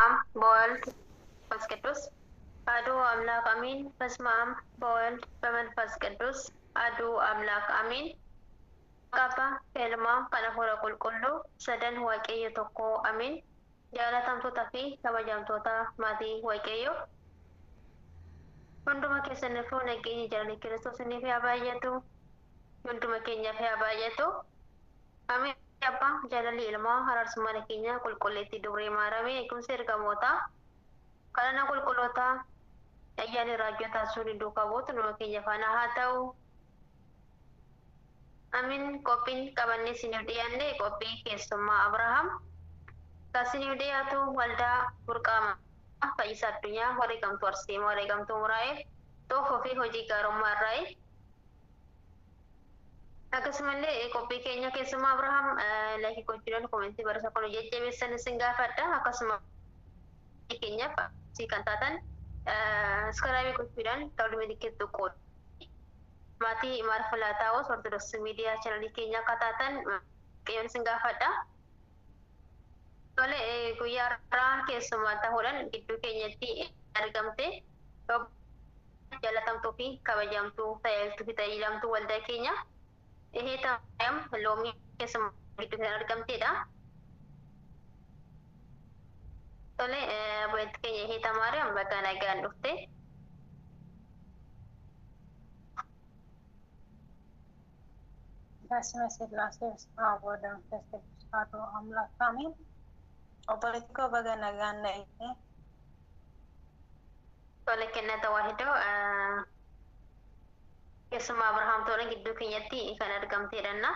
Ma'am, bold. Pas kedus. Adu amlak amin. Pas ma'am, bold. Paman pas kedus. Adu amlak amin. Kapa, firma, kana hura kul kullu. Sadan huwa kiyo toko amin. Jala tam tuta fi, sama jam tuta mati huwa kiyo. Kundu makin senifu negi ni jalan ikiristu senifu abayatu. Kundu makin nyafi tu? Amin apa jalali ilma harar kul kuliti dobre marame ikum sirgamota kalana kulkulota ayani iya, rajota suni duka botu no kinya fana hatau amin kopin kabanni siniudiyanne kopi kesuma abraham kasiniyudiyatu walda burqama fa'isaddunya tuar arsima hari muraif tofofi hoji garumma raif Akkasumallee qophii keenya keessumaa Abirahaam laayikii gochuudhaan komentii barsa kun jajjabeessan isin gaafadha. Akkasuma keenyaaf si kan taatan iskaraabii gochuudhaan ta'uu dhimeetti qoodhu. Maatii maarifa laataawos ortodoksii miidiyaa chaanalii keenya akka taatan qayyoon isin gaafadha. Tole guyyaa irraa keessumaa ta'uudhaan gidduu keenyatti argamte jalatamtuu fi kabajamtuu tajaajiltuu fi tajaajilamtuu waldaa keenya. ይሄ ታይም ሎሚ የስሜት አድርገምቴ ዳ ቶሌ ወይት ከየ ይሄ ተማሪያም በቃ ነገ አንዱፍቴ በስመ ስላሴ ስማ ወደ መንፈስ ቅዱስ አሐዱ አምላክ አሜን። ኦፖለቲኮ በገነጋና ይሄ ቶለክነ ተዋሂደው keessumaa abrahaamtoota gidduu keenyatti kan argamtedhanna.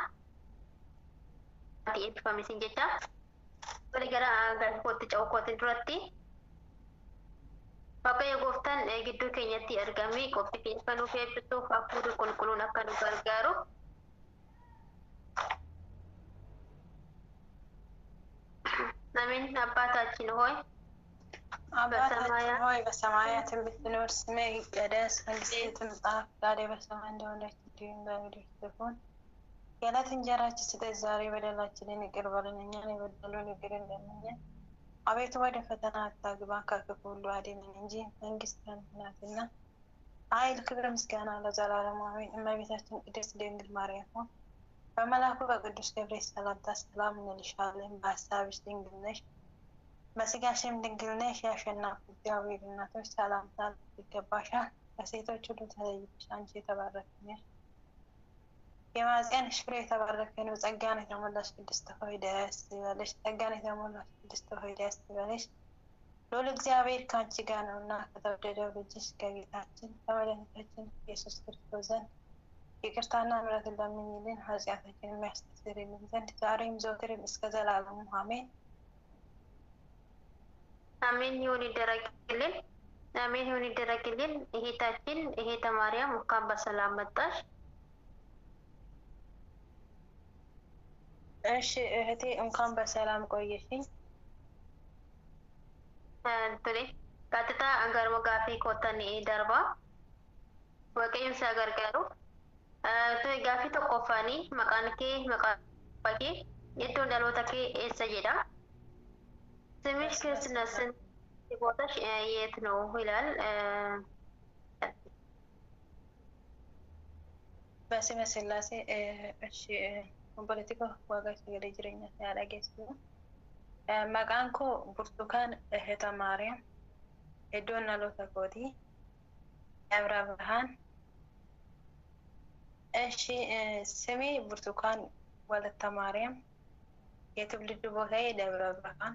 Ati eebbifamisiin jecha wali gara galkootti cawkootti duratti waaqayyo gooftaan gidduu keenyatti argame qofti keenya kan nuuf eebbisuuf hafuurri qulqulluun akka nu gargaaru. Namiin abbaa tak hoo'i. አባታችን ሆይ በሰማያት የምትኖር ስምህ ይቀደስ፣ መንግስትህ ትምጣ፣ ፈቃድህ በሰማይ እንደሆነች እንዲሁም በምድር ትሁን። የዕለት እንጀራችንን ስጠን ዛሬ፣ በደላችንን ይቅር በለን እኛም የበደሉንን ይቅር እንደምንል። አቤቱ ወደ ፈተና አታግባን፣ ከክፉ ሁሉ አድነን እንጂ መንግስት ናትና ኃይል፣ ክብር፣ ምስጋና ለዘላለሙ አሜን። እመቤታችን ቅድስት ድንግል ማርያም ሆይ በመልአኩ በቅዱስ ገብርኤል ሰላምታ ሰላም እንልሻለን፣ በሀሳብሽ ድንግል ነሽ በስጋሽም ድንግል ነሽ፣ የአሸናፊ እግዚአብሔር እናቶች ሰላምታ ይገባሻል። ከሴቶች ሁሉ ተለይተሽ አንቺ የተባረክሽ ነሽ፣ የማኅፀንሽ ፍሬ የተባረከ ነው። ጸጋን የተሞላሽ ቅድስት ሆይ ደስ ይበልሽ። ጸጋን የተሞላሽ ቅድስት ሆይ ደስ ይበልሽ። ሎል እግዚአብሔር ከአንቺ ጋር ነው እና ከተወደደው ልጅሽ ከጌታችን ከመድኃኒታችን ኢየሱስ ክርስቶስ ዘንድ ይቅርታና ምሕረት ለምኝልን ኃጢአታችንን የሚያስተሰርይልን ዘንድ ዛሬም ዘወትርም እስከ ዘላለሙ አሜን። namin yun ni Derakilin, namin yun ni Derakilin, ihitatin, ihita Maria, mukabas salamat ta. Ashi, salam ko yun. Ano eh, tule? Katita ang garwagati ko tani idarba. Wag yung sagar karo. Eh, Ito ay gafi to kofani, makanaki, makapagi. Ito ang dalawa takay ስሜሽ ስንት ቦታሽ የት ነው ይላል። በስመ ስላሴ እሺ ፖለቲካ ዋጋ ገደ ጅረኛ ያዳጌስ መቃን ኮ ብርቱካን እህተ ማርያም እዶና ሎተኮቲ ደብረ ብርሃን። እሺ ስሜ ብርቱካን ወለተ ማርያም የትውልድ ቦታዬ ደብረ ብርሃን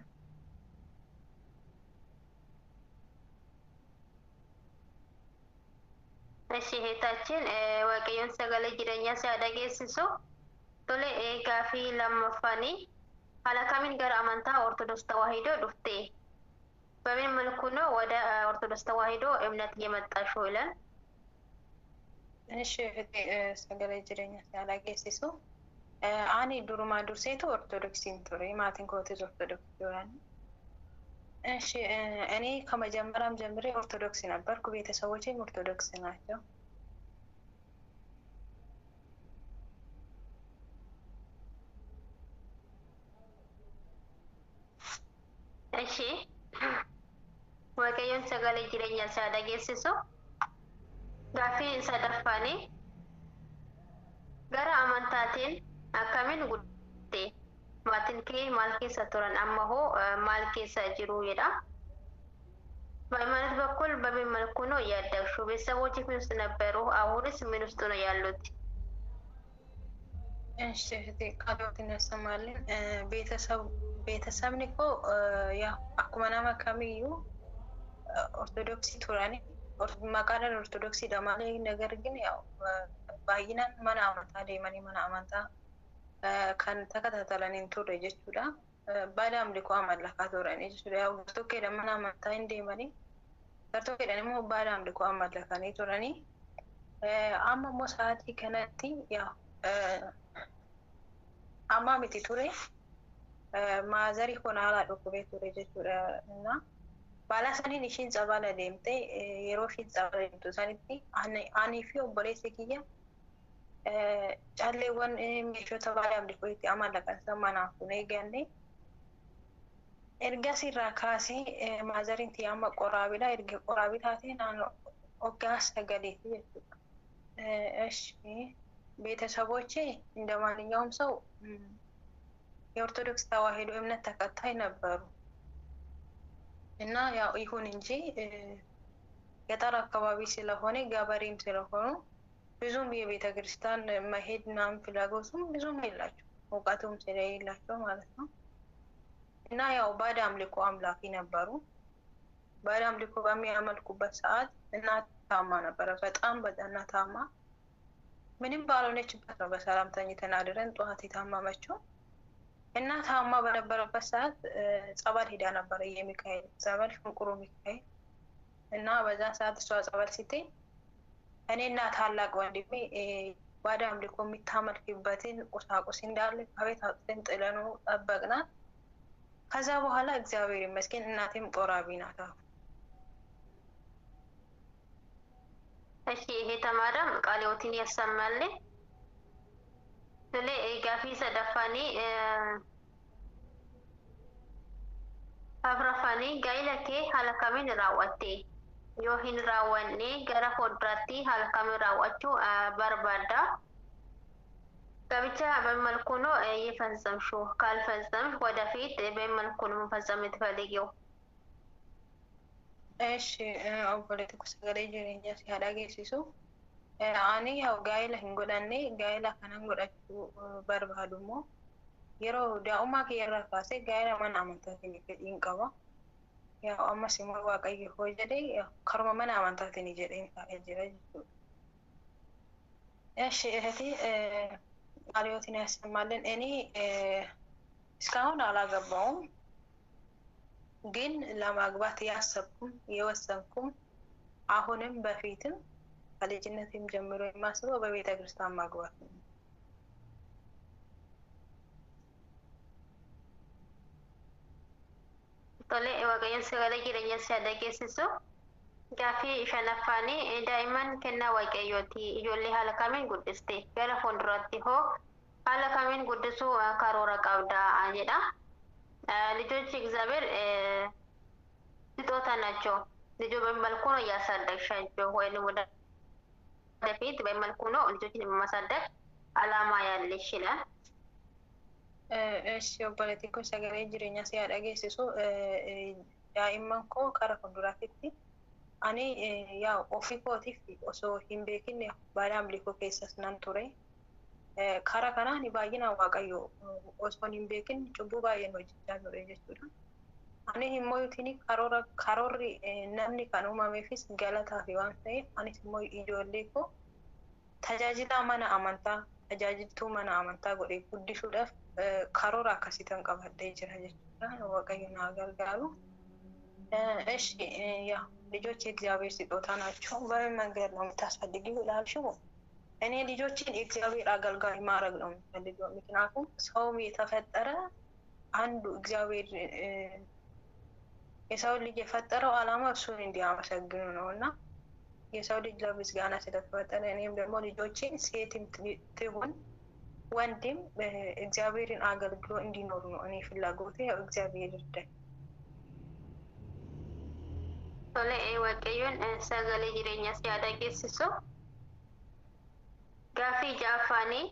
እህታችን waaqayyoon sagalee jireenyaa si dhageessisu tole eegaa fi lammaffaanii haala kamiin gara amantaa ኦርቶዶክስ tawaahidoo dhufte በምን መልኩ wada ወደ tawaahidoo ተዋሂዶ እምነት የመጣሽው? ይላል። እሺ እህቴ sagalee jireenyaa si dhageessisu. Ani durumaa ዱርሴቱ ortodoksiin ture maatiin kootis ortodoksii እሺ እኔ ከመጀመሪያም ጀምሬ ኦርቶዶክስ ነበርኩ። ቤተሰቦቼም ኦርቶዶክስ ናቸው። እሺ waaqayyoon sagalee jireenya isaa dhageessisu gaaffii isa darfanii gara amantaatiin akkamiin guddaa maatiin kee maal keessa turan amma hoo maal keessa jiru jedha በሃይማኖት በኩል በምን መልኩ ነው እያደግሽው? ቤተሰቦች ምን ውስጥ ነበሩ? አሁንስ ምን ውስጥ ነው ያሉት? እሺ እህቴ ቃሎት እናሰማለን። ቤተሰብ ቤተሰብን እኮ ያው አኩማ ናማ ከሚዩ ኦርቶዶክሲ ቱራኒ መቃለን ኦርቶዶክሲ ደማሌ ነገር ግን ያው ባይናን መን አመንታ ደመኔ መን አመንታ kan takka takatatalaniin turre jechuudha. Baada amlikoo amallaqaa turanii jechuudha. Hooggantoota mana amantaa hin deemanii gartokkeedhaan immoo baada amlikoo amallaqanii turanii amma immoo sa'aatii kanatti amma miti ture maazarii konaalaa dhukkubee ture jechuudha. Baalaa saniin ishiin cabaala deemte yeroo ishiin cabaala deemtu sanitti ani fi obboleessi kiyya. calleewwan meeshota baala abdii itti amallaqansa manaa kun eeganne erga sirraa kaasee maazariin tiyyaama qoraabidha erga qoraabitaatii naannoo waggaa sagaleeti jechuudha. Eshi ቤተሰቦቼ እንደ ማንኛውም ሰው የኦርቶዶክስ ተዋሕዶ እምነት ተከታይ ነበሩ እና ያው ይሁን እንጂ ገጠር አካባቢ ስለሆነ ገበሬም ስለሆኑ ብዙም የቤተ ክርስቲያን መሄድ ምናምን ፍላጎቱም ብዙም የላቸው እውቀቱም ስለሌላቸው ማለት ነው። እና ያው ባዕድ አምልኮ አምላኪ ነበሩ። ባዕድ አምልኮ በሚያመልኩበት ሰዓት እናት ታማ ነበረ። በጣም በጠና ታማ ምንም ባልሆነችበት ነው በሰላም ተኝተን አድረን ጠዋት የታመመችው እና ታማ በነበረበት ሰዓት ጸበል ሄዳ ነበረ። የሚካኤል ጸበል ሽንቁሩ ሚካኤል እና በዛ ሰዓት እሷ ጸበል ስትሄድ እኔና ታላቅ ወንድሜ ባዳ አምልኮ የሚታመልክበትን ቁሳቁስ እንዳለ ከቤት አውጥተን ጥለኑ ጠበቅናት። ከዛ በኋላ እግዚአብሔር ይመስገን እናቴም ቆራቢ ናት። እሺ ይሄ ተማዳም ቃሊዎትን ያሰማል። ስለ ጋፊ ሰደፋኒ አብረፋኒ ጋይለኬ ሀለካሜን ራዋቴ yoo hin raawwanne gara fuulduraatti halkamiin raawwachuu barbaadda. Gabicha በመልኩ ነው እየፈጸምሽው። ካልፈጸምሽ ወደፊት በመልኩ ነው መፈጸም የምትፈልጊው። እሺ ኦቦሌ ትኩስ ገሬ ጅሬኛ ሲያዳ ጌሲሱ አኒ ያው ጋይላ ሂንጎዳኔ ጋይላ ከነን ጎዳቹ በርባዱሞ የሮ ዳኡማ ከየራ ካሴ ጋይላ ማን አመንታ ሂንቀባ Yaa ammas immoo waaqayyo hoo jedhee karuma mana amantaatiin jedheen taa'ee jira jechuudha. Eshi እህቴ ቃልዮትን ያሰማልን። እኔ እስካሁን አላገባውም፣ ግን ለማግባት ያሰብኩም የወሰንኩም አሁንም በፊትም ከልጅነትም ጀምሮ የማስበው በቤተ ክርስቲያን ማግባት ነው። Tole waaqayyoon sagalee jireenya siyaada geessisu gaafii shanaffaanii daa'imman kennaa waaqayyooti ijoollee haala kamiin guddiste gara fuulduraatti hoo haala kamiin guddisuu karoora qabda jedha ልጆች እግዚአብሔር ስጦታ ናቸው። ልጆ በምን መልኩ ነው እያሳደግሻቸው ወይንም ወደፊት በምን መልኩ ነው ልጆችን የማሳደግ አላማ ያለሽ ይላል። Eessi obboleettiin kun sagalee jireenya si'aa dhageessisu daa'imman koo kara fuulduraatti ani eh, yaa ofii kootiif osoo hin beekinne baadhaa bilikoo keessas nan ture. Kara eh, kanaan baay'inaan waaqayyo osoo hin beekin cubbuu baay'een hojjechaa ture jechuudha. Ani immoo yookiin karoorri eh, namni kan uumameefis fi waan ta'eef anis immoo ijoollee koo tajaajila mana amantaa tajaajiltuu mana amantaa godhee guddisuudhaaf e, karoora akkasii kan qabadhee jira jechuudha waaqayyo naa gargaaru እሺ ያው ልጆች የእግዚአብሔር ስጦታ ናቸው በምን መንገድ ነው የምታሳድጊው ላልሽው እኔ ልጆችን የእግዚአብሔር አገልጋይ ማድረግ ነው የምፈልገው ምክንያቱም ሰውም የተፈጠረ አንዱ እግዚአብሔር የሰው ልጅ የፈጠረው አላማ እሱን እንዲያመሰግኑ ነው እና yaa sa'o dijlaa buse ga'aan asirra turataniin eeemnoo lijoochi si'eetiin xixiqqoon wandiin egizaaviyerriin haa galgiroo inni noornu ani filaaguutii egizaaviyerri danda'e. tole sagalee jireenyaas yaada geessisu gaafii jaafaanii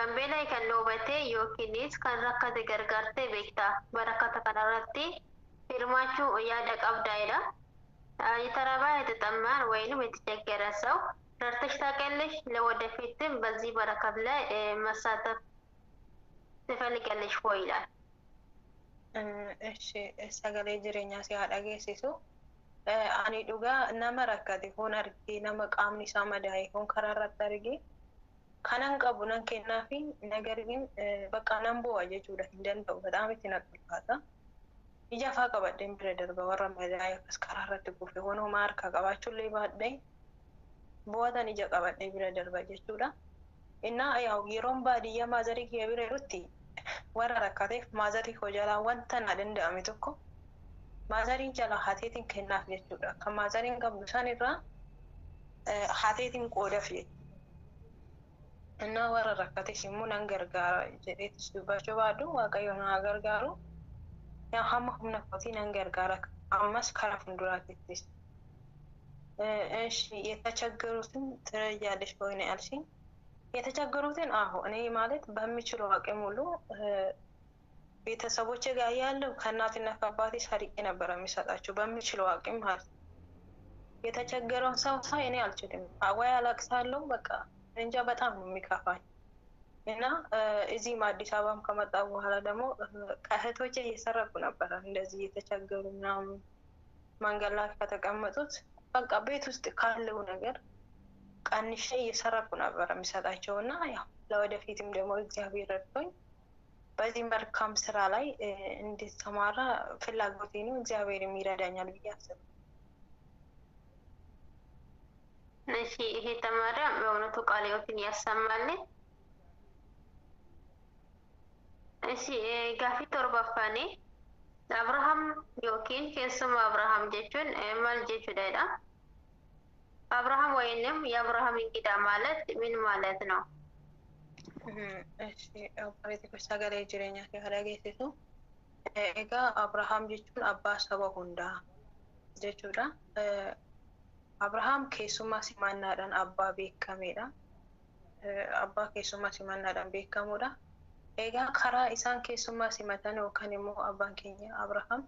dambaliin kan noobatee yookiinis kan rakkate gargaartee beektaa barakata kanarratti hirmaachuu yaada qabdaa jira. የተራባ የተጠማን ወይንም የተቸገረ ሰው ረድተሽ ታውቂያለሽ? ለወደፊትም በዚህ በረከት ላይ መሳተፍ ትፈልጊያለሽ ወይ ይላል። እሺ ሰገሌ ጅሬኛ ሲያዳ ጌሲሱ አኒ ዱጋ ነመ ረከቴ ሆን አርጌ ነመ ቃምኒ ሳመዳይ ሆን ከራራት አርጌ ከነን ቀቡ ነን ኬናፊ ነገር ግን በቃ ነንቦ ቦዋ ጀቹudha እንደንተው በጣም itti ijaafaa qabadheen bira darba warra meedaa askaraarratti buufe honumaa harka qabaachullee baadhee bu'atan ija qabadhee bira darba jechuudha. Innaa yeroon baadiyyaa maazarii kiyya bira jirutti warra rakkateef maazarii koo jalaa wanta na danda'ame tokko maazarii jala hateetiin kennaaf jechuudha. Kan maazariin qabdu sanirraa hateetiin qoodaf jechuudha. Innaa warra rakkateef immoo nan gargaara jedheetis dubbachuu baadu waaqayyo naa gargaaru. hamma humna kootii nan gargaara ammas karaa fuulduraattis እሺ የተቸገሩትን ትረጃለሽ ወይ ነው ያልሽኝ? የተቸገሩትን አሁ እኔ ማለት በሚችለው አቅም ሁሉ ቤተሰቦቼ ጋር ያለው ከእናትና ከአባቴ ሰርቄ ነበረ የሚሰጣቸው በሚችለው አቅም ማለት የተቸገረውን ሰው ሳይ እኔ አልችልም። አዋይ አላቅሳለሁ። በቃ እንጃ በጣም ነው የሚከፋኝ። እና እዚህም አዲስ አበባም ከመጣ በኋላ ደግሞ ከእህቶቼ እየሰረቁ ነበረ። እንደዚህ እየተቸገሩ ምናምን መንገድ ላይ ከተቀመጡት በቃ ቤት ውስጥ ካለው ነገር ቀንሼ እየሰረቁ ነበረ የሚሰጣቸው እና ያው ለወደፊትም ደግሞ እግዚአብሔር ረድቶኝ በዚህ መልካም ስራ ላይ እንድሰማራ ፍላጎቴ ነው። እግዚአብሔርም ይረዳኛል ብዬ አስብ። እሺ ይሄ ተማሪያ በእውነቱ ቃልዎትን ያሰማልን። gaaffii አብርሃም ዮኪን ከስም አብርሃም ጀቹን jechuun ጀቹ ዳይዳ አብርሃም ወይንም የአብርሃም እንግዳ ማለት ምን ማለት ነው? እሺ ቤተክርስቲያን ሀገር ጅሬኛ ከረጌሲቱ ኤጋ አብርሃም ጀቹን አባ ሰባ ሁንዳ ጀቹዳ አብርሃም ኬሱማ ሲማናዳን አባ ቤከሜዳ አባ ኬሱማ ሲማናዳን ቤከሙዳ Eegaa karaa isaan keessummaa simatan yookaan immoo abbaan keenya abrahaam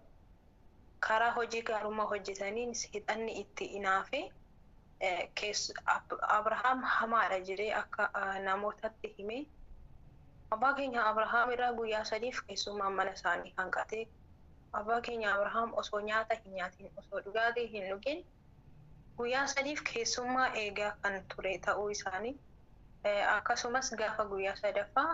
karaa hojii gaarummaa hojjetaniin seexanni itti inaafe eh, abrahaam hamaadha jiree akka eh, namootatti himee abbaa keenya abrahaam irraa guyyaa sadiif keessummaa mana isaanii hanqate abbaa keenya abrahaam osoo nyaata hin nyaatin osoo dhugaatii hin dhugin guyyaa sadiif keessummaa eegaa kan ture ta'uu isaanii eh, akkasumas gaafa guyyaa sadaffaa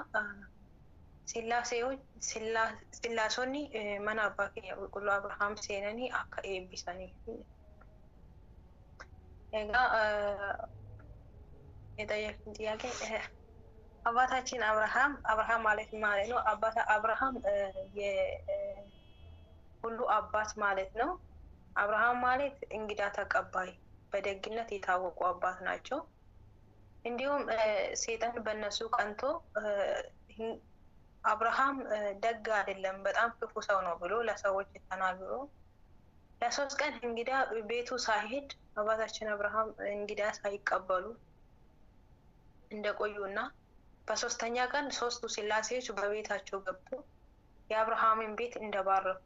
sillaasonni eh, mana abbaa keenya qulqulluu abrahaam seenanii akka eebbisaniif egaa የጠየቅን ጥያቄ አባታችን አብርሃም አብርሃም ማለት ማለት ነው አባታ አብርሃም የሁሉ አባት ማለት ነው አብርሃም ማለት እንግዳ ተቀባይ በደግነት የታወቁ አባት ናቸው እንዲሁም ሴጣን በእነሱ ቀንቶ አብርሃም ደግ አይደለም በጣም ክፉ ሰው ነው ብሎ ለሰዎች ተናግሮ ለሶስት ቀን እንግዳ ቤቱ ሳይሄድ አባታችን አብርሃም እንግዳ ሳይቀበሉ እንደቆዩ እና በሶስተኛ ቀን ሶስቱ ስላሴዎች በቤታቸው ገብቶ የአብርሃምን ቤት እንደባረኩ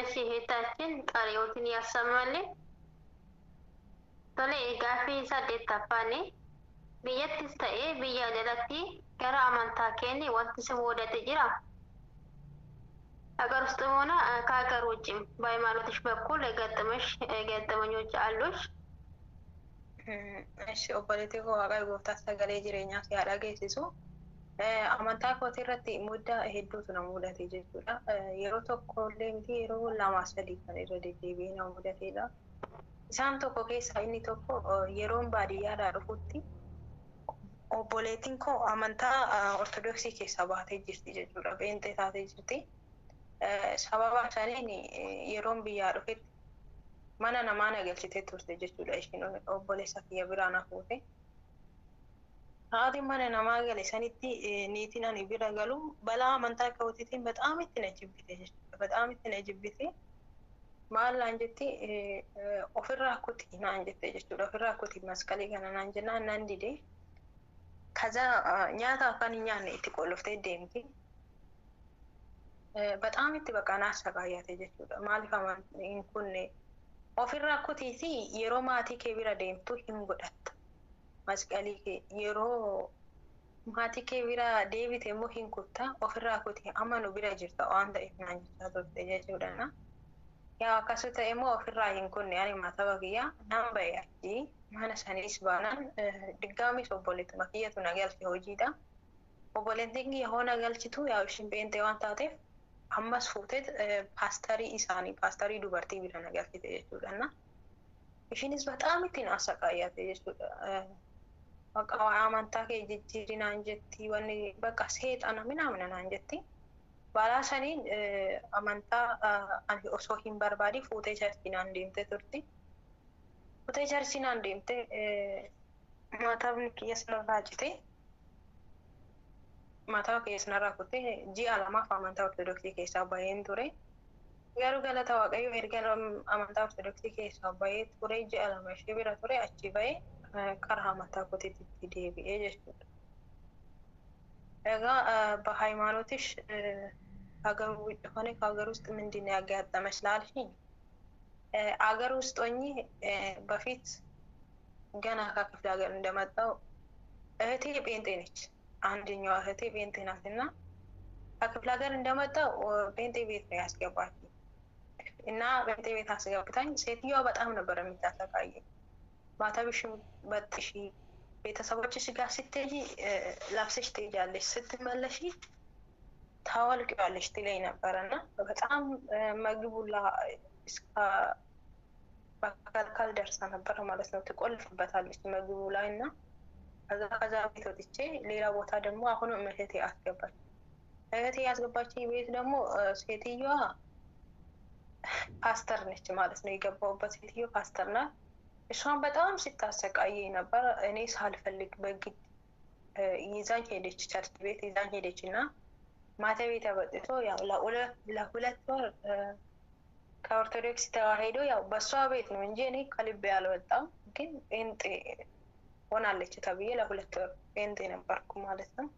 እሺ ሄታችን ቃልዎትን ያሰማልን። Tole gaaffii saddeettaffaan biyyattis ta'ee biyya jalatti gara amantaa keenya wanti si muudate jira? ሀገር ውስጥም ሆነ ከሀገር ውጭም በሃይማኖትሽ በኩል የገጠመሽ ገጠመኞች አሉሽ? Obboleetti ኦቦሌቴ ኮ ዋቃ ጎፍታስ ተገሌ ጅሬኛ geessisu eh, amantaa kooti irratti muddaa hedduutu na jechuudha. Eh, yeroo tokkollee miti yeroo lamaa sadii kan irra deddeebi'ee mudateedha. isaan tokko keessaa inni tokko yeroon baadiyyaadhaa dhufutti obboleettiin koo amantaa ortodoksii keessa baatee jirti jechuudha beentee taatee jirti sababa isaaniin yeroon biyyaa dhufetti mana namaa nagalchitee turte jechuudha ishiin obboleessa kiyya biraan hafuute haati mana namaa gale sanitti niitiin ani bira galu balaa amantaa ka'uutiitiin baxaamitti itti na jibbite jechuudha badaam na jibbite. maallaan jetti eh, eh, ofirraa kutii naan jettee jechuudha ofirraa kutii masqalii kana naan jennaa naan didee ከዛ nyaata afaan hin nyaanne itti qoloftee deemti በጣም eh, itti በቃ naaf jechuudha maaliif amantiin kun ofirraa kutii fi yeroo maatii kee bira deemtu hin godhatta masqalii kee yeroo maatii kee bira deebite immoo hin kutta ofirraa kutii amma nu bira jirta waan ta'eef naan jechaa turte jechuudha yaa akkasii ta'e immoo ofirraa hin kunne ani maataba kiyya nan ba'e achii mana sanis baanaan eh, diggaamis obboleettuma kiyyatu na hojiidha. Obboleettiin kiyya hoo na galchitu yaa ishiin beentee waan taateef ammas fuutee eh, paastarii isaanii paastarii dubartii bira nagalchite jechuudha. jechuudha. Ishiinis bataam ittiin asaqaayyate jechuudha. Eh. Maqaa amantaa kee jijjiirinaan jetti wanni bakka seexana minaa minanaan jetti. balaa saniin amantaa ani osoo hin barbaadi fuutee jarsinaan deemtee turti. Fuutee jarsinaan deemtee maataafni kiyya sanarraa cite. Mataa kiyya sanarraa kutte ji'a lamaaf amantaa ortodoksii keessaa baheen ture. Garuu galata waaqayyoo erga amantaa ortodoksii keessaa bahee ture ji'a lama ishee bira ture achi bahee karaa mataa koteetti deebi'ee jechuudha. Egaa bahaayimaanootis ከሀገር ውጭ ሆነ ከሀገር ውስጥ ምንድን ነው ያጋጠመሽ ላልሽኝ፣ አገር ውስጥ ሆኜ በፊት ገና ከክፍለ ሀገር እንደመጣው እህቴ ጴንጤ ነች። አንደኛዋ እህቴ ጴንጤ ናት እና ከክፍለ ሀገር እንደመጣው ጴንጤ ቤት ነው ያስገባች እና ጴንጤ ቤት አስገብታኝ ሴትዮዋ በጣም ነበር የምታሰቃየ ማተብሽ በጥሽ ቤተሰቦችሽ ጋር ስትይ ለብሰሽ ትሄጃለሽ ስትመለሽ ታወልቂዋለሽ ትለኝ ነበረ እና በጣም መግቡላ በአካልካል ደርሳ ነበረ ማለት ነው። ትቆልፍበታለች መግቡ ላይ እና ከዛ ከዛ ቤት ወጥቼ ሌላ ቦታ ደግሞ አሁንም እህቴ አስገባች። እህቴ ያስገባች ቤት ደግሞ ሴትዮዋ ፓስተር ነች ማለት ነው። የገባሁበት ሴትዮ ፓስተር ናት። እሷን በጣም ስታሰቃየኝ ነበር። እኔ ሳልፈልግ በግድ ይዛኝ ሄደች፣ ቸርች ቤት ይዛኝ ሄደች እና ማተቤ ተበጥቶ ለሁለት ወር ከኦርቶዶክስ ተዋሕዶ ያው በእሷ ቤት ነው እንጂ እኔ ከልቤ አልወጣም። ግን ጴንጤ ሆናለች ተብዬ ለሁለት ወር ጴንጤ ነበርኩ ማለት ነው።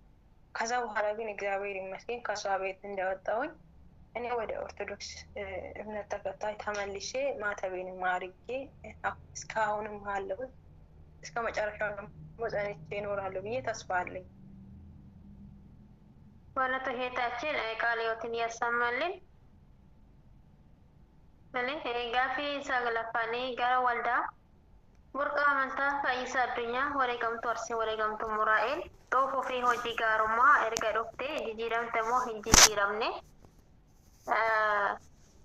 ከዛ በኋላ ግን እግዚአብሔር ይመስገን ከእሷ ቤት እንደወጣውኝ እኔ ወደ ኦርቶዶክስ እምነት ተከታይ ተመልሼ ማተቤን አድርጌ እስካሁንም አለሁት እስከ መጨረሻው ጸንቼ እኖራለሁ ብዬ ተስፋ አለኝ። ባለቶ ሄታችን ቃለ ሕይወትን ያሰማልን። ጋፊ ሳግላፋኒ ጋራ ወልዳ ቡርቃ አመንታ ፈይሳ አዱኛ ወሬ ገምቱ አርሲ ወሬ ገምቱ ሙራኤል ጦፉ ፊ ሆጂ ጋሩማ ኤርጋ ዶፍቴ ጅጂረምተሞ ሂንጂጂረምኔ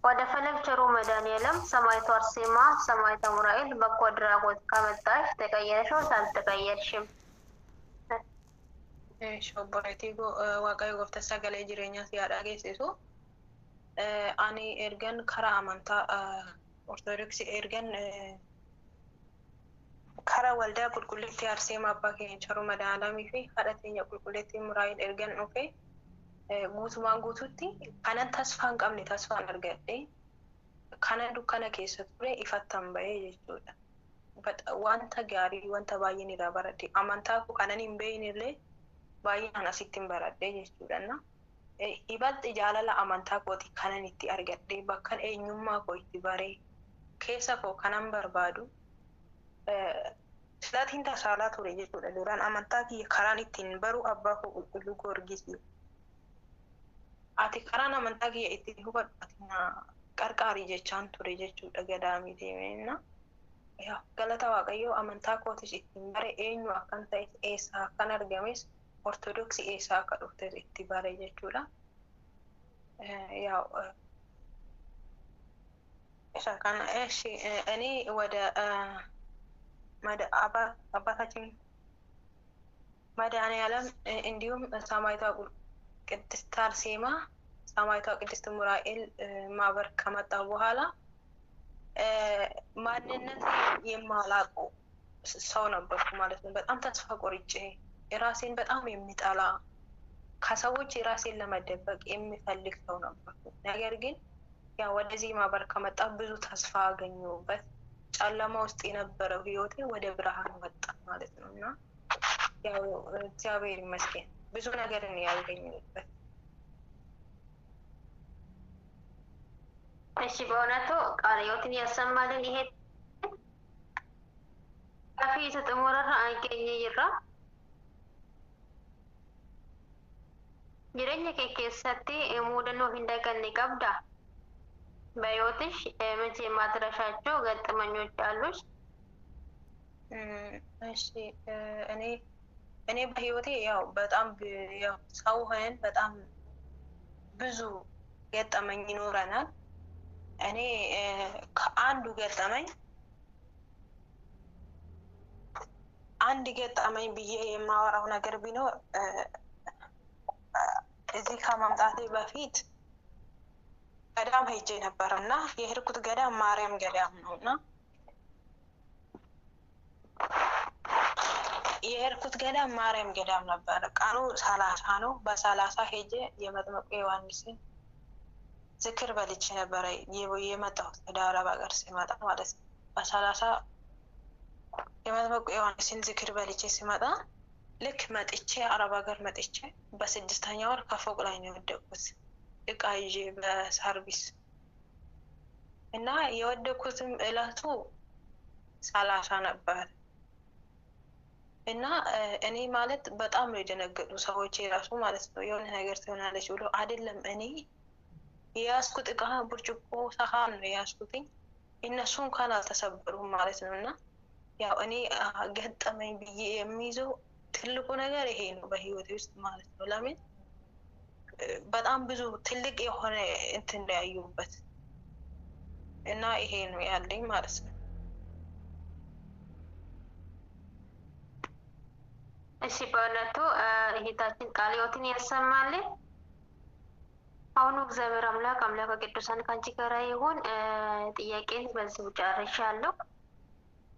ወደ ፈለግ ቸሩ መድኃኒዓለም ሰማይቱ አርሴማ ሰማይተ ሙራኤል በጎ አድራጎት ከመጣሽ ተቀየርሽው ሳልተቀየርሽም shobbareetii eh, waaqayyo gooftaan eh, sagalee jireenyaa siyaadhaa geessisu. Eh, Ani ergan karaa amantaa ah, ortodoksii ergan karaa waldaa qulqulleettii Arseema abbaa keenya Charuu Madaalamii fi haadha teenya qulqulleettii Muraayil ergan dhufe guutumaan guututti kanan tasfaa hin qabne tasfaan argadhe kana dukkana keessa ture ifattan ba'e jechuudha. Wanta gaarii wanta baay'een irraa baradhe amantaa koo kanan hin beeynillee. baay'inaan asittiin baradhee jechuudhanna. Hibadhi e, jaalala amantaa kooti kanan itti argadhe bakkan eenyummaa koo itti baree keessa koo kanan barbaadu e, silaatiin tasaalaa ture jechuudha. Duraan amantaa kiyya karaan ittiin baru abbaa koo qulqulluu goorgisiif. Ati karaan amantaa kiyya ittiin hubadhu qarqaarii jechaan ture jechuudha gadaamii deemeenna. Galata waaqayyoo amantaa kootis ittiin bare eenyu akkan ta'e eessa akkan argames ortodoksii eessaa akka dhufte itti bare jechuudha. Yaw isa kana eshi ani wada mada አባታችን መድኃኔዓለም እንዲሁም ሰማዕቷ ቅድስት አርሴማ ሰማዕቷ ቅድስት ሙራኤል ማህበር ከመጣ በኋላ ማንነት የማላውቀው ሰው ነበርኩ ማለት ነው። በጣም ተስፋ ቆርጬ ራሴን በጣም የሚጠላ ከሰዎች ራሴን ለመደበቅ የሚፈልግ ሰው ነበር። ነገር ግን ያ ወደዚህ ማህበር ከመጣ ብዙ ተስፋ አገኘሁበት። ጨለማ ውስጥ የነበረው ህይወቴ ወደ ብርሃን ወጣ ማለት ነው እና ያው እግዚአብሔር ይመስገን ብዙ ነገርን ያገኘሁበት። እሺ፣ በእውነቱ ቃለ ሕይወትን ያሰማልን። ይሄ ፊ ተጥሞረራ አይገኝ ይራ Jireenya kee keessatti eh, muudannoo hin daganne qabda? በህይወትሽ መቼ የማትረሻቸው ገጠመኞች አሉሽ? እሺ እኔ እኔ በህይወቴ ያው በጣም ያው ሰው ሆነን በጣም ብዙ ገጠመኝ ይኖረናል። እኔ ከአንዱ ገጠመኝ አንድ ገጠመኝ ብዬ የማወራው ነገር ቢኖር እዚህ ከመምጣቴ በፊት ገዳም ሄጄ ነበር እና የሄድኩት ገዳም ማርያም ገዳም ነው እና የሄድኩት ገዳም ማርያም ገዳም ነበር። ቀኑ ሰላሳ ነው። በሰላሳ ሄጄ የመጥመቁ ዮሐንስን ዝክር በልቼ ነበረ የመጣሁት ወደ ሀገር ሲመጣ ማለት ነው። በሰላሳ የመጥመቁ ዮሐንስን ዝክር በልቼ ሲመጣ ልክ መጥቼ አረብ ሀገር መጥቼ በስድስተኛ ወር ከፎቅ ላይ ነው የወደቁት እቃ ይዤ በሰርቪስ እና የወደኩትም እለቱ ሰላሳ ነበር እና እኔ ማለት በጣም ነው የደነገጡ ሰዎች የራሱ ማለት ነው የሆነ ነገር ትሆናለች ብሎ አይደለም። እኔ የያዝኩት እቃ ብርጭቆ ሰሃን ነው የያዝኩትኝ እነሱ እንኳን አልተሰበሩም ማለት ነው። እና ያው እኔ ገጠመኝ ብዬ የሚይዘው ትልቁ ነገር ይሄ ነው በህይወቴ ውስጥ ማለት ነው። ለምን በጣም ብዙ ትልቅ የሆነ እንትን ያየሁበት እና ይሄ ነው ያለኝ ማለት ነው። እሺ በእውነቱ እህታችን ቃለ ሕይወትን አሁኑ እግዚአብሔር አምላክ አምላከ ቅዱሳን ከአንቺ ጋራ ይሁን። ጥያቄን በዚህ ጨርሻለሁ።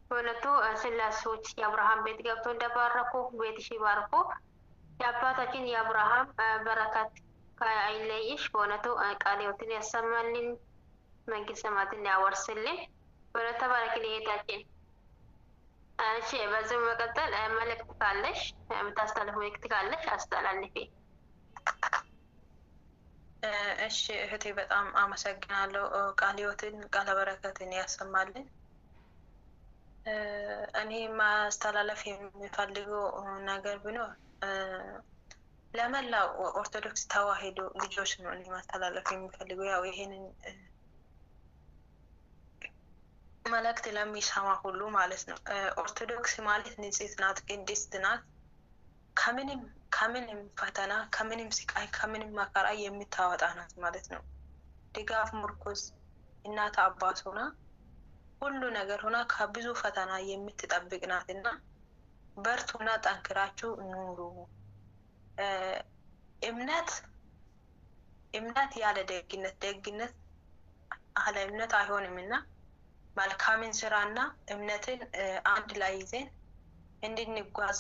በእውነቱ ስላሶች የአብርሃም ቤት ገብቶ እንደባረኩ ቤትሽ ይባርኩ። የአባታችን የአብርሃም በረከት ከአይለይሽ። በእውነቱ ቃለ ያሰማልን፣ መንግስት ሰማያትን ያወርስልን። በእውነት ተባረክል እሺ፣ በዚህ መቀጠል መልእክት ካለሽ የምታስተላልፍ መልእክት ካለሽ አስተላልፊ። እሺ እህቴ፣ በጣም አመሰግናለሁ። ቃለ ቃለ በረከትን ያሰማልን እኔ ማስተላለፍ የሚፈልገው ነገር ቢኖር ለመላው ኦርቶዶክስ ተዋሕዶ ልጆች ነው እኔ ማስተላለፍ የሚፈልገው ያው ይሄንን መልእክት ለሚሰማ ሁሉ ማለት ነው። ኦርቶዶክስ ማለት ንጽሕት ናት፣ ቅድስት ናት። ከምንም ከምንም ፈተና፣ ከምንም ስቃይ፣ ከምንም መከራ የምታወጣ ናት ማለት ነው። ድጋፍ ምርኩዝ፣ እናት አባት ሆና ሁሉ ነገር ሆና ከብዙ ፈተና የምትጠብቅ ናት እና በርቱና ጠንክራችሁ ኑሩ። እምነት እምነት ያለ ደግነት፣ ደግነት አለ እምነት አይሆንም እና መልካምን ስራና እምነትን አንድ ላይ ይዘን እንድንጓዝ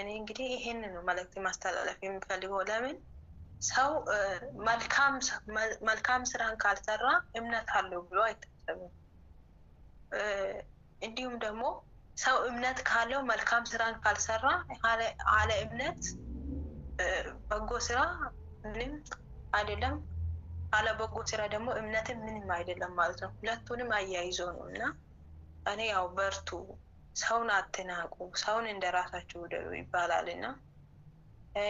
እኔ እንግዲህ ይሄን ነው መልእክት ማስተላለፍ የሚፈልገው። ለምን ሰው መልካም ስራን ካልሰራ እምነት አለው ብሎ አይታሰብም። እንዲሁም ደግሞ ሰው እምነት ካለው መልካም ስራን ካልሰራ አለ እምነት በጎ ስራ ምንም አይደለም። አለ በጎ ስራ ደግሞ እምነትን ምንም አይደለም ማለት ነው። ሁለቱንም አያይዞ ነው እና እኔ ያው በርቱ፣ ሰውን አትናቁ፣ ሰውን እንደ ራሳችሁ ይባላል እና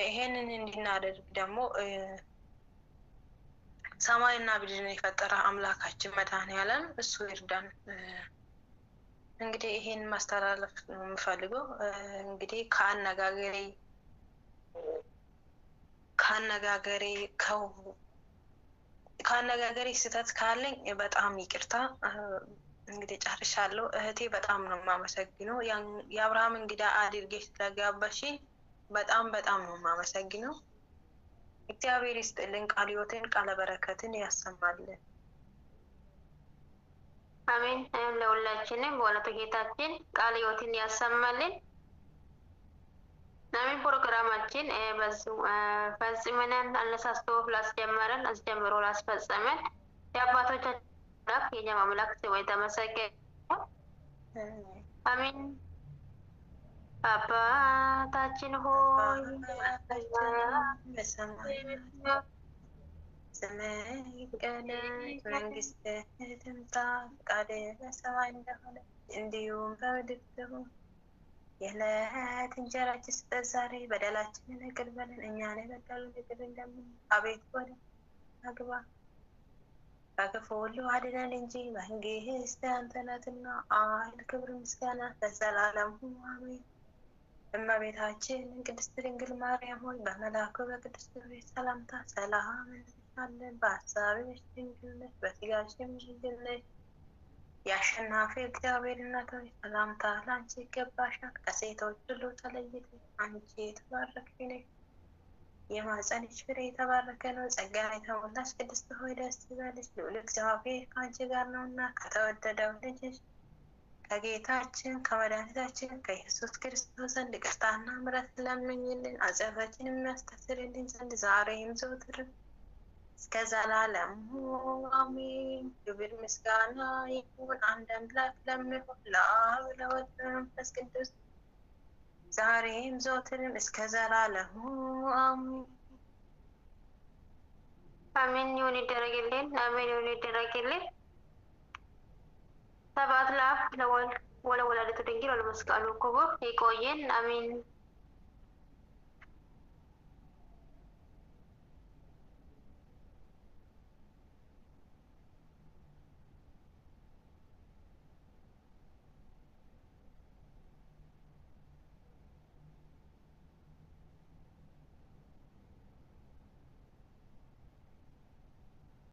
ይሄንን እንድናደርግ ደግሞ ሰማይና ምድርን የፈጠረ አምላካችን ያለን እሱ ይርዳን። እንግዲህ ይሄን ማስተላለፍ ነው የምፈልገው። እንግዲህ ከአነጋገሬ ከአነጋገሬ ከአነጋገሬ ስህተት ካለኝ በጣም ይቅርታ። እንግዲህ ጨርሻለሁ። እህቴ በጣም ነው የማመሰግነው። የአብርሃም እንግዳ አድርጌ ስለጋበሽኝ በጣም በጣም ነው የማመሰግነው። እግዚአብሔር ይስጥልን፣ ቃለ ሕይወትን ቃለ በረከትን ያሰማልን። አሜን። ለሁላችንም በእውነቱ ጌታችን ቃለ ሕይወትን ያሰማልን። አሜን። ፕሮግራማችን በዚሁ ፈጽመናል። አነሳስቶ ላስጀመረን አስጀምሮ ላስፈጸመን የአባቶቻችን የኛም አምላክ ስሙ የተመሰገነ አሜን። አባታችን ሆይ ስምህ ይቀደስ፣ መንግስትህ ትምጣ፣ ፈቃድህ በሰማይ እንደሆነች እንዲሁም በምድር ትሁን። የዕለት እንጀራችንን ስጠን ዛሬ፣ በደላችንን ይቅር በለን እኛ የበደሉንን ይቅር እንደምንል፣ አቤቱ ወደ አግባን ከክፉ ሁሉ አድነን እንጂ መንግስት ያንተ ናትና፣ ኃይል፣ ክብር፣ ምስጋና ለዘላለሙ አሜን። እመቤታችን ቅድስት ድንግል ማርያም ሆይ በመላኩ በቅድስት ቤት ሰላምታ ሰላም እንልሻለን። በሀሳብሽ ድንግል ነሽ፣ በሥጋሽም ድንግል ነሽ። የአሸናፊ እግዚአብሔር እናት ሆይ ሰላምታ ለአንቺ ይገባሻል። ከሴቶች ሁሉ ተለይተሽ አንቺ የተባረክሽ ነሽ፣ የማኅፀንሽ ፍሬ የተባረከ ነው። ጸጋ የተሞላሽ ቅድስት ሆይ ደስ ይበልሽ፣ ልዑል እግዚአብሔር ከአንቺ ጋር ነውና ከተወደደው ልጅሽ ከጌታችን ከመድኃኒታችን ከኢየሱስ ክርስቶስ ዘንድ ይቅርታና ምሕረት ለምኝልን አጸፋችን የሚያስተስርልን ዘንድ ዛሬም ዘውትር እስከ ዘላለሙ አሜን። ክብር ምስጋና ይሁን አንድ አምላክ ለሚሆን ለአብ ለወልድ ለመንፈስ ቅዱስ ዛሬም ዘወትርም እስከ ዘላለሙ አሜን። አሜን ይሁን ይደረግልን። አሜን ይሁን ይደረግልን። ስብሐት ለአብ ለወልድ ወለወላዲቱ ድንግል ወለመስቀሉ ክቡር ይቆየን። አሜን።